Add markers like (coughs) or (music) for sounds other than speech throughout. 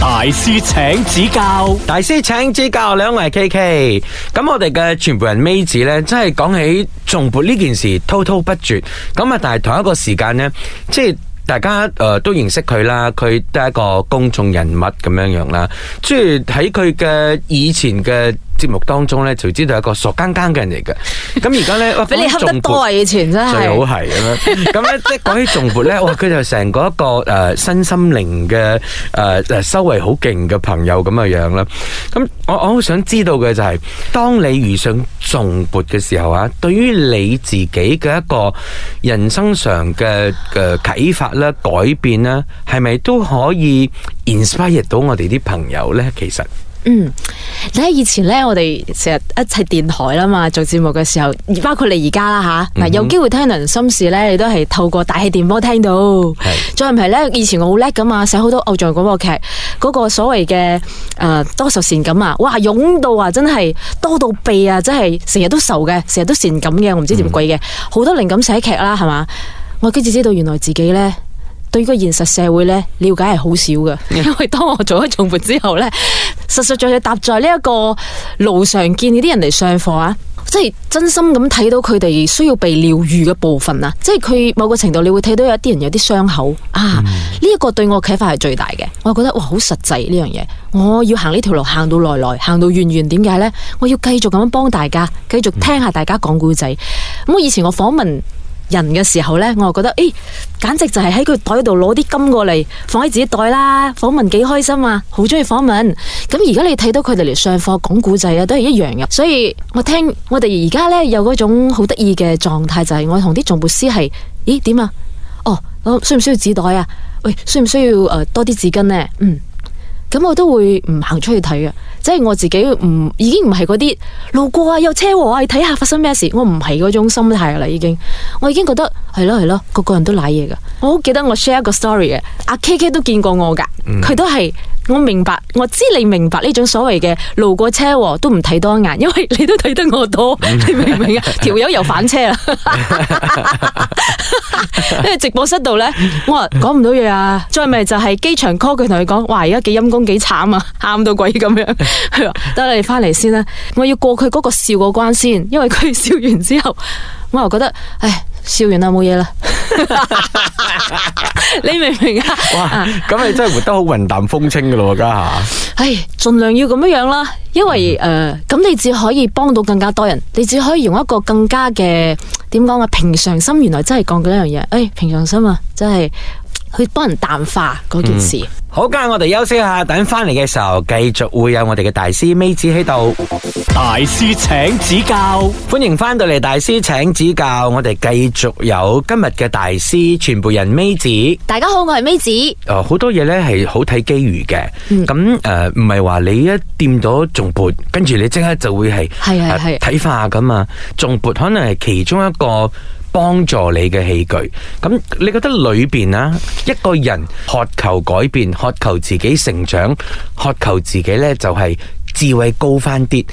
大師請指教，大師請指教，兩位 K K，咁我哋嘅傳媒人 May 子呢，真係講起重播呢件事滔滔不絕，咁啊，但係同一個時間呢，即係大家誒都認識佢啦，佢都係一個公眾人物咁樣樣啦，即係喺佢嘅以前嘅。節目當中咧，就知道一個傻更更嘅人嚟嘅。咁而家咧，哇！俾你黑得多以前真係最好係咁樣。咁咧，即係講起重撥咧，哇！佢就成個一個誒、呃、身心靈嘅誒誒修為好勁嘅朋友咁嘅樣啦。咁我我好想知道嘅就係、是，當你遇上重撥嘅時候啊，對於你自己嘅一個人生上嘅嘅啟發啦、改變啦，係咪都可以 inspire 到我哋啲朋友咧？其實。嗯，你喺以前咧，我哋成日一齊電台啦嘛，做節目嘅時候，包括你而家啦吓，嗱、啊 mm hmm. 有機會聽人心事咧，你都係透過大氣電波聽到。Mm hmm. 再唔係咧，以前我好叻噶嘛，寫好多偶像廣播劇，嗰、那個所謂嘅誒多愁善感啊，哇，湧到啊，真係多到痹啊，真係成日都愁嘅，成日都善感嘅，我唔知點鬼嘅，好、mm hmm. 多靈感寫劇啦，係嘛，我今次知道原來自己咧。對呢個現實社會咧，了解係好少嘅。因為當我做咗重複之後咧，實實在在踏在呢一個路上，見啲人嚟上課啊，即係真心咁睇到佢哋需要被療愈嘅部分啊。即係佢某個程度，你會睇到有啲人有啲傷口啊。呢一、嗯、個對我嘅啟發係最大嘅。我係覺得哇，好實際呢樣嘢。我要行呢條路行到來來，行到遠遠，點解呢？我要繼續咁樣幫大家，繼續聽下大家講故仔。咁、嗯、我、嗯、以前我訪問人嘅時候呢，我又覺得誒、欸，簡直就係喺佢袋度攞啲金過嚟放喺自己袋啦，訪問幾開心啊，好中意訪問。咁而家你睇到佢哋嚟上課講古仔啊，都係一樣嘅。所以我聽我哋而家呢，有嗰種好得意嘅狀態，就係、是、我同啲總牧師係，咦、欸、點啊？哦，需唔需要紙袋啊？喂，需唔需要誒多啲紙巾呢？嗯。咁我都會唔行出去睇嘅，即係我自己唔已經唔係嗰啲路過啊，有車禍啊，你睇下發生咩事，我唔係嗰種心態啦，已經，我已經覺得。係咯係咯，個個人都瀨嘢噶。我好記得我 share 一個 story 嘅，阿、啊、K K 都見過我噶，佢都係我明白，我知你明白呢種所謂嘅路過車禍都唔睇多眼，因為你都睇得我多，你明唔明啊？條友 (laughs) 又反車啦，因為 (laughs) (laughs) 直播室度呢，我話講唔到嘢啊！再咪就係機場 call 佢同佢講，哇！而家幾陰公幾慘啊，喊到鬼咁樣。佢話得你翻嚟先啦，我要過佢嗰個笑個關先，因為佢笑完之後，我又覺得，唉。笑完啦，冇嘢啦。 (laughs) (laughs) 你明唔明啊？哇，咁你真係活得好雲淡風輕噶咯，家下。唉、 (laughs) 哎，盡量要咁樣樣啦，因為誒，咁、呃、你只可以幫到更加多人，你只可以用一個更加嘅點講啊，平常心。原來真係講緊一樣嘢，誒、哎，平常心啊，真係。去幫人淡化嗰件事。嗯、好嘅，我哋休息下，等翻嚟嘅時候繼續會有我哋嘅大師 May 子喺度。大師請指教，歡迎翻到嚟。大師請指教，我哋繼續有今日嘅大師全部人 May 子。大家好，我係 May 子。哦、呃，多好多嘢呢係好睇機遇嘅。咁誒、嗯，唔係話你一掂咗仲撥，跟住你即刻就會係係係睇化噶嘛？仲撥可能係其中一個。幫助你嘅器具，咁你覺得裏邊啊，一個人渴求改變、渴求自己成長、渴求自己呢，就係智慧高翻啲，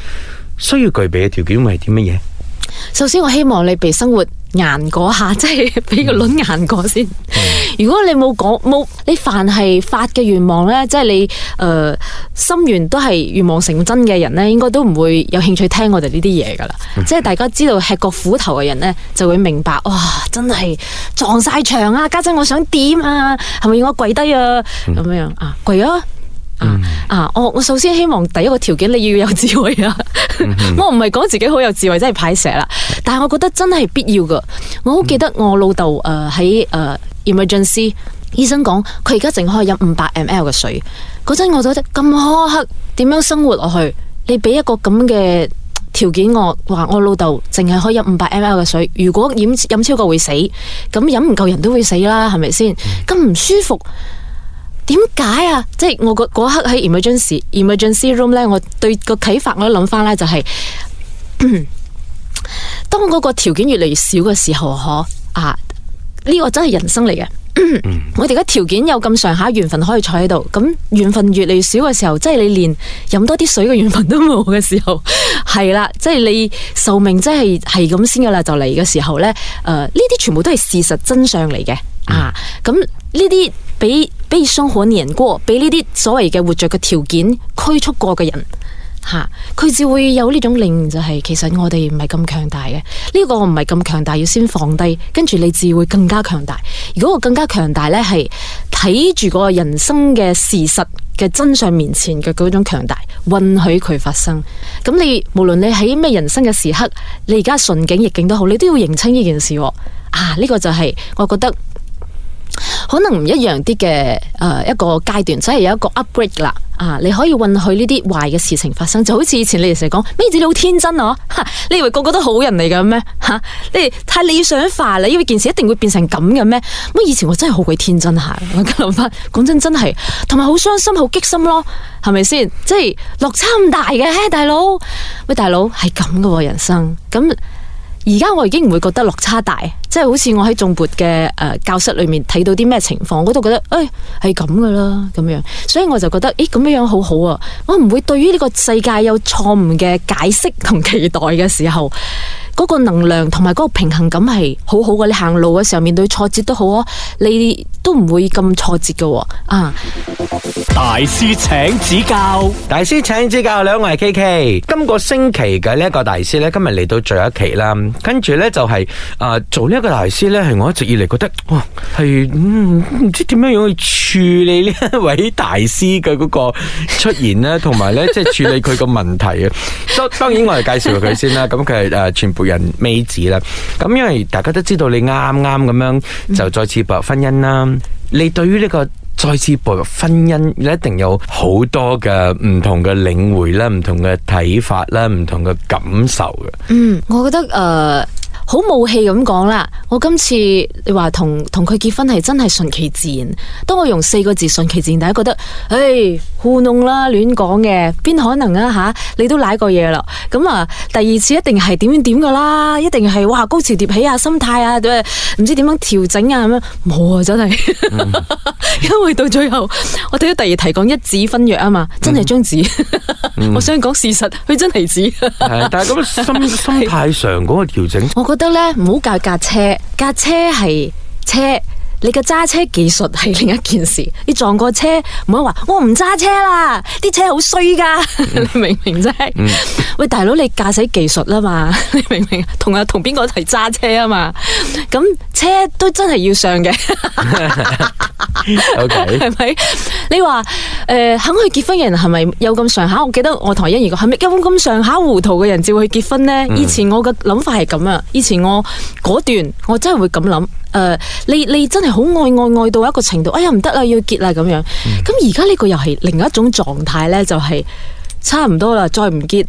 需要具備嘅條件會係啲乜嘢？首先，我希望你被生活。硬嗰下，即係俾個輪硬過先。 (laughs) 如果你冇講冇，你凡係發嘅願望呢，即係你誒心願都係願望成真嘅人呢，應該都唔會有興趣聽我哋呢啲嘢噶啦。 (laughs) 即係大家知道吃過苦頭嘅人呢，就會明白哇，真係撞晒牆啊！家陣，我想點啊？係咪要我跪低啊？咁 (laughs) 樣啊，跪啊！Uh, mm hmm. 啊！我我首先希望第一個條件你要有智慧啦、啊。 (laughs) mm hmm. 我唔係講自己好有智慧，真係派蛇啦。但係我覺得真係必要噶。Mm hmm. 我好記得我老豆誒喺誒 emergency 醫生講，佢而家淨可以飲五百 mL 嘅水。嗰陣我就覺得咁苛刻，點樣生活落去？你俾一個咁嘅條件我，話我老豆淨係可以飲五百 mL 嘅水。如果飲飲超過會死，咁飲唔夠人都會死啦，係咪先？咁唔、mm hmm. 舒服。點解啊？即係我嗰刻喺 emergency room 咧，我對個啟發，我都諗翻咧就係、是嗯，當嗰個條件越嚟越少嘅時候，嗬啊，呢、這個真係人生嚟嘅、嗯。 (coughs) 我哋而家條件有咁上下緣分可以坐喺度，咁緣分越嚟越少嘅時候，即係你連飲多啲水嘅緣分都冇嘅時候，係啦， (coughs) 即係你壽命真係係咁先噶啦，就嚟嘅時候咧，誒、啊，呢啲全部都係事實真相嚟嘅、嗯、啊。咁呢啲俾。俾傷害人過，俾呢啲所謂嘅活着嘅條件拘束過嘅人，吓佢只會有呢種領悟就係、是、其實我哋唔係咁強大嘅。呢、這個唔係咁強大，要先放低，跟住你自會更加強大。如果我更加強大呢，係睇住個人生嘅事實嘅真相面前嘅嗰種強大，允許佢發生。咁你無論你喺咩人生嘅時刻，你而家順境逆境都好，你都要認清呢件事啊。啊，呢、這個就係我覺得。可能唔一樣啲嘅誒，一個階段即係、就是、有一個 upgrade 啦啊！你可以允許呢啲壞嘅事情發生，就好似以前你哋成日講，May 子你好天真哦、啊，吓你以為個個都好人嚟嘅咩吓？你太理想化啦，因為件事一定會變成咁嘅咩？乜、啊、以前我真係好鬼天真下，我而家諗翻，講真真係同埋好傷心、好激心咯，係咪先？即係落差咁大嘅大佬，喂大佬係咁嘅人生，咁而家我已經唔會覺得落差大。即係好似我喺眾佛嘅誒教室裏面睇到啲咩情況，我都覺得誒係咁噶啦咁樣，所以我就覺得咦，咁樣好好啊！我唔會對於呢個世界有錯誤嘅解釋同期待嘅時候。個能量同埋個平衡感係好好嘅，你行路嘅時候面對挫折都好啊，你都唔會咁挫折嘅啊、哦！嗯、大師請指教，大師請指教，兩位 K K。今個星期嘅呢一個大師咧，今日嚟到最後一期啦。跟住咧就係、是、啊、呃，做呢一個大師咧，係我一直以嚟覺得，哇，係唔唔知點樣樣去處理呢一位大師嘅個出現咧，同埋咧即係處理佢個問題啊。當 (laughs) 當然我係介紹佢先啦，咁佢係誒全部。人 May 子啦，咁因為大家都知道你啱啱咁樣就再次步入婚姻啦，你對於呢個再次步入婚姻，你一定有好多嘅唔同嘅領會啦、唔同嘅睇法啦、唔同嘅感受嘅。嗯，我覺得誒。呃好武氣咁講啦！我今次你話同同佢結婚係真係順其自然。當我用四個字順其自然，大家覺得誒糊弄啦，亂講嘅，邊可能啊吓？你都舐過嘢啦。咁啊，第二次一定係點點噶啦，一定係哇高潮迭起啊，心態啊，唔知點樣調整啊咁樣。冇啊，真係，因為到最後我睇到第二題講一紙婚約啊嘛，真係張紙。我想講事實，佢真係紙。但係咁心心態上嗰個調整，我覺得咧，唔好教架車，架車係車，你嘅揸車技術係另一件事。你撞過車，唔好話我唔揸車啦，啲車好衰噶，嗯、 (laughs) 你明唔明啫？嗯、喂，大佬你駕駛技術啊嘛，你明唔明？同啊同邊個一齊揸車啊嘛？咁車都真係要上嘅。 (laughs) (laughs) O K，係咪？你話誒，肯去結婚嘅人係咪有咁上下？我記得我同欣怡講，係咪根本咁上下糊塗嘅人照去結婚呢。嗯、以前我嘅諗法係咁啊，以前我嗰段我真係會咁諗誒，你你真係好愛愛愛愛到一個程度，哎呀唔得啦，要結啦咁樣。咁而家呢個又係另一種狀態呢，就係差唔多啦，再唔結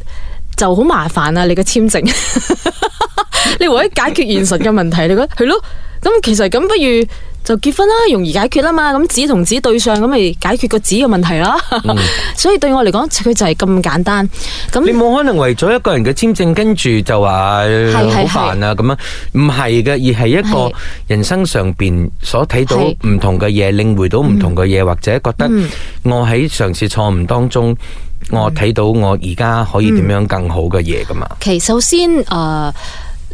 就好麻煩啦！你嘅簽證， (laughs) 你為咗解決現實嘅問題，你覺得係咯？咁 (laughs) 其實咁不如。就結婚啦，容易解決啦嘛，咁子同子對上咁咪解決個子嘅問題囉。嗯、 (laughs) 所以對我嚟講，佢就係咁簡單。咁你冇可能為咗一個人嘅簽證，跟住就話好煩啊咁樣？唔係嘅，而係一個人生上邊所睇到唔同嘅嘢，是是領會到唔同嘅嘢，嗯、或者覺得我喺上次錯誤當中，嗯、我睇到我而家可以點樣更好嘅嘢噶嘛？其、嗯嗯 okay, 首先誒。呃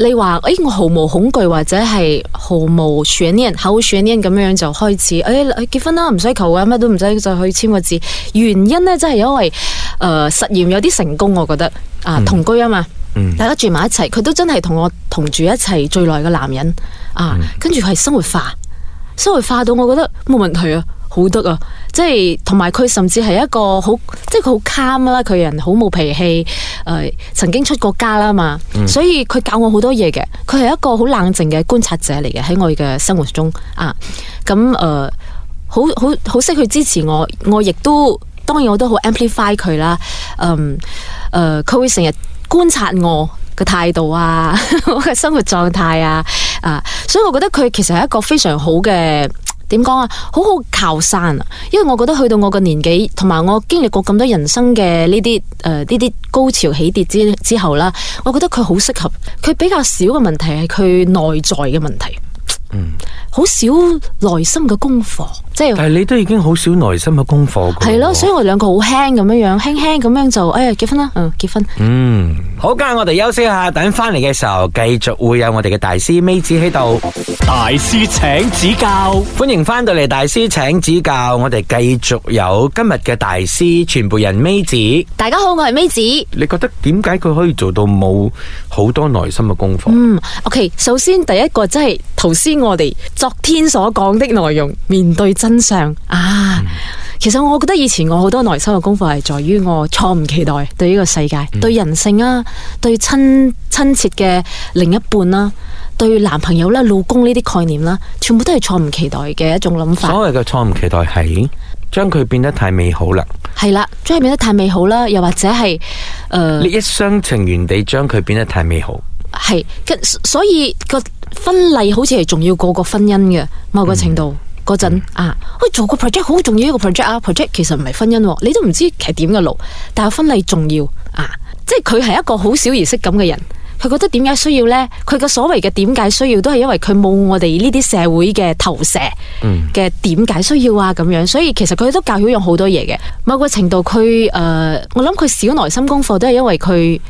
你話誒、欸，我毫無恐懼或者係毫無選啲人，口選啲人咁樣就開始誒、欸，結婚啦，唔使求啊，乜都唔使，再去簽個字。原因呢，真係因為誒、呃、實驗有啲成功，我覺得啊，同居啊嘛，嗯嗯、大家住埋一齊，佢都真係同我同住一齊最耐嘅男人啊，跟住係生活化，生活化到我覺得冇問題啊。好得啊，即係同埋佢甚至係一個好，即係佢好 calm 啦，佢人好冇脾氣。誒，曾經出過家啦嘛，所以佢教我好多嘢嘅。佢係一個好冷靜嘅觀察者嚟嘅，喺我嘅生活中啊，咁誒，好好好識去支持我。我亦都當然我都好 amplify 佢啦。嗯、呃，誒、呃，佢會成日觀察我嘅態度啊， (laughs) 我嘅生活狀態啊，啊，所以我覺得佢其實係一個非常好嘅。點講啊？好好靠山啊！因為我覺得去到我嘅年紀，同埋我經歷過咁多人生嘅呢啲誒，呢啲高潮起跌之之後啦，我覺得佢好適合，佢比較少嘅問題係佢內在嘅問題，嗯，好少內心嘅功課。但係你都已經好少耐心嘅功課，係咯，所以我兩個好輕咁樣樣，輕輕咁樣就，哎呀，結婚啦，嗯，結婚。嗯，好，梗係我哋休息一下，等翻嚟嘅時候，繼續會有我哋嘅大師 May 子喺度，大師請指教，歡迎翻到嚟，大師請指教，我哋繼續有今日嘅大師全部人 May 子，大家好，我係 May 子。你覺得點解佢可以做到冇好多耐心嘅功課？嗯，OK，首先第一個即係頭先我哋昨天所講的內容，面對真相啊，嗯、其實我覺得以前我好多內心嘅功課係在於我錯誤期待對呢個世界、嗯、對人性啊、對親親切嘅另一半啦、對男朋友啦、老公呢啲概念啦，全部都係錯誤期待嘅一種諗法。所謂嘅錯誤期待係將佢變得太美好啦，係啦，將佢變得太美好啦，又或者係誒、呃、你一廂情願地將佢變得太美好。係，所以個婚禮好似係重要過個婚姻嘅某個程度。嗯嗰陣啊，喂做個 project 好重要一個 project 啊，project 其實唔係婚姻，你都唔知係點嘅路，但係婚禮重要啊，即係佢係一個好小儀式感咁嘅人，佢覺得點解需要呢？佢嘅所謂嘅點解需要都係因為佢冇我哋呢啲社會嘅投射，嘅點解需要啊，咁、嗯、樣，所以其實佢都教曉用好多嘢嘅，某個程度佢誒、呃，我諗佢少內心功課都係因為佢。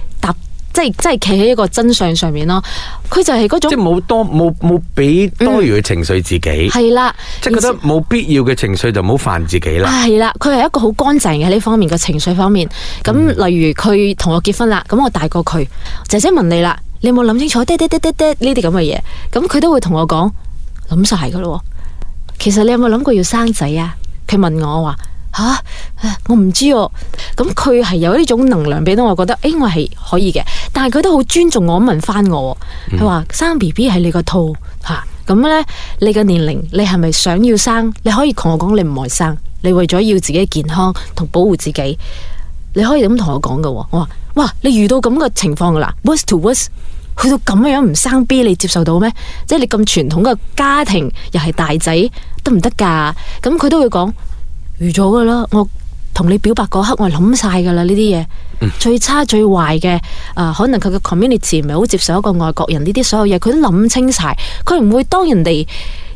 即係即係企喺一個真相上面咯，佢就係嗰種即係冇多冇冇俾多餘嘅情緒自己係啦，嗯、即係覺得冇必要嘅情緒就唔好煩自己啦。係啦，佢、哎、係一個好乾淨嘅喺呢方面嘅情緒方面。咁例如佢同我結婚啦，咁我大過佢，姐姐問你啦，你有冇諗清楚？爹爹爹爹爹呢啲咁嘅嘢，咁佢都會同我講諗晒噶咯。其實你有冇諗過要生仔啊？佢問我話。吓、啊，我唔知哦、啊。咁佢係有呢種能量俾到，我覺得誒，我、哎、係可以嘅。但係佢都好尊重我，問翻我，佢話、嗯、生 B B 係你個套吓。咁、啊、咧，你個年齡，你係咪想要生？你可以同我講，你唔愛生，你為咗要自己嘅健康同保護自己，你可以咁同我講噶、啊。我話哇，你遇到咁嘅情況噶啦，worse to worse 去到咁樣唔生 B，你接受到咩？即係你咁傳統嘅家庭，又係大仔，得唔得噶？咁佢都會講。預咗噶啦，我同你表白嗰刻，我諗晒噶啦呢啲嘢，最差最壞嘅，誒、呃，可能佢嘅 community 唔係好接受一個外國人呢啲所有嘢，佢都諗清晒，佢唔會當人哋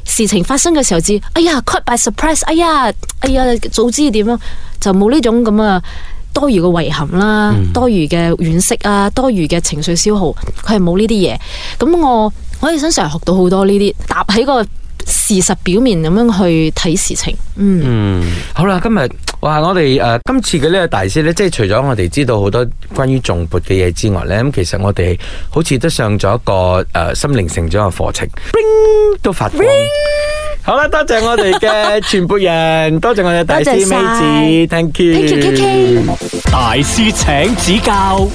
事情發生嘅時候知，哎呀 caught by surprise，哎呀，哎呀，早知點樣，就冇呢種咁啊多餘嘅遺憾啦、嗯，多餘嘅惋惜啊，多餘嘅情緒消耗，佢係冇呢啲嘢。咁我我哋身上學到好多呢啲，搭喺個。.事實表面咁樣去睇事情。嗯，嗯好啦，今日哇，我哋誒、呃，今次嘅呢個大師咧，即係除咗我哋知道好多關於重撥嘅嘢之外咧，咁其實我哋好似都上咗一個誒、呃、心靈成長嘅課程，都發，咚好啦，多謝我哋嘅傳播人， (laughs) 多謝我哋大師 May 子 (laughs) ，thank you，, Thank you K K. 大師請指教。